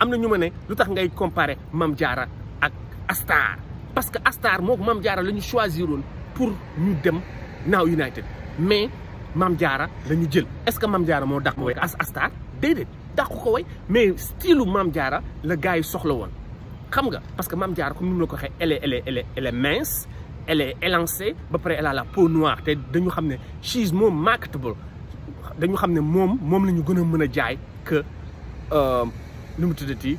amna ñu mëne lutax ngay comparer Mam diara ak Astar parce que Astar mok Mam diara la ñu choisiroon pour ñu dem Now United mais Mam diara la ñu jël est-ce que Mam diara mo dakk way as Astar déedéet dakk ko way mais style mam diara le gars yi soxla woon xam nga parce que Mam diara comme ñu la ko waxee elle est elle est elle est mince elle est élancée ba pare elle a la peau noire té dañu xamné ne she is more marketable dañu xamné mom mom lañu gëna mëna jaay que. Euh, nu mu tuddati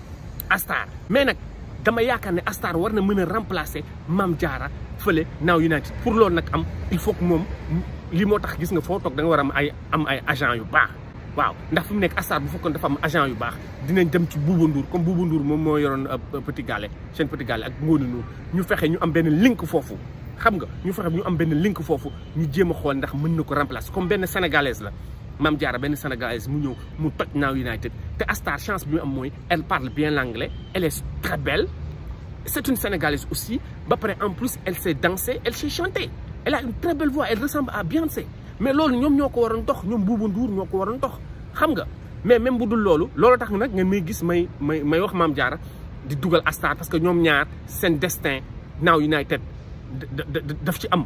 Astar mais nag dama yaakaar ne Astar war na mën a remplacer Mame Diarra fële Now United pour loolu nag am il faut moom lii moo tax gis nga foo da nga war a am am ay agent yu baax waaw ndax fi mu nekk Astar bu fekkoon dafa am agent yu baax dinañ dem ci Bouba Ndour comme Bouba Ndour moom moo yoroon euh, euh, Petit Gallé seen Petit Gallé ak Ngoné Ndour ñu fexe ñu am benn link foofu xam nga ñu fexe ñu am benn link foofu ñu jéem a xool ndax mën na ko remplacer comme benn sénégalaise la Mame Diarra une sénégalaise mu ñëw mu toj Now United té Astar chance bi mu am elle parle bien l'anglais elle est très belle c'est une sénégalaise aussi ba en plus elle sait danser elle sait chanter elle a une très belle voix elle ressemble à Beyoncé mais lool ñom ñoko waron dox ñom Boubou Ndour ñoko waron dox xam nga mais même si c'est loolu loolu tax nak nga may gis may may wax Mame Diarra di Astar parce que ñom ñaar sen destin Now United daf ci am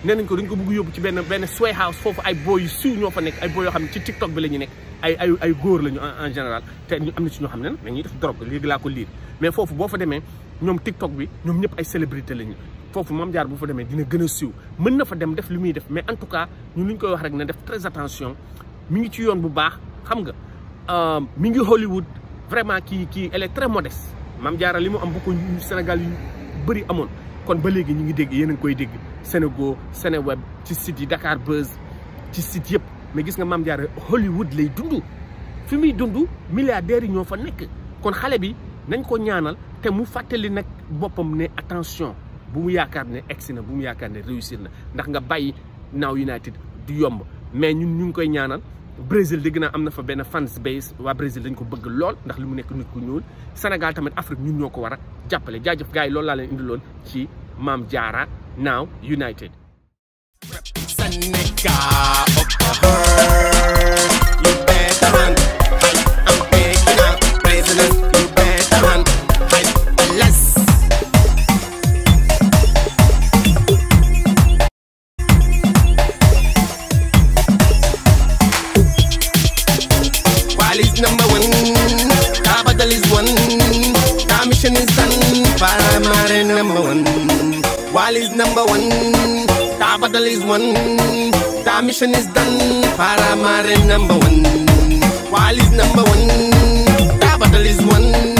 nee ko dañ ko bëgg yóbbu ci benn benn sway house foofu ay boy nekk ay boy yoo xam ne ci tiktok bi la ñu nekk ay ay en général te ñu am na ci ñoo xam ne nag dañuy def drogue léegi laa foofu boo fa demee ñoom tiktok bi ñoom ñëpp ay célébrité lañu foofu Mame Diarra bu fa demee dina gën a siiw mën na fa dem def li muy def mais en tout cas ñun li ñu koy wax rek na def très attention mi ngi ci yoon bu baax xam nga euh, mi ngi Hollywood vraiment kii kii elle est très modeste Mame Diarra li mu am bu ko Sénégal yu bëri amoon Kon balegi nyingi degi, yenen kwey degi, Senego, Seneweb, ti sidi Dakar Buzz, ti sidi yep. Me gis nga mam diya re, Hollywood le yi dundu. Fimi yi dundu, milyarderi nyon fwa neke. Kon chalebi, nen kon nyanan, te mou fateli nek bopom ne, Atensyon, boumyakab ne, eksine, boumyakab ne, reyusine. Ndak nga bayi, Now United, diyom. Men, nyon, nyon kwey nyanan. Brésil dégg naa am na fa benn fans base waa Brésil dañ ko bëgg lool ndax li mu nekk nit ku ñuul Sénégal tamit Afrique ñun ñoo ko war jàppale jaajëf gars yi loolu laa leen indiloon ci maam Diarra Now United. Oh, oh, oh. Paramare number one. is number one. Tabadal is one. Ta mission is done. Paramare number one. is number one. Tabadal is one.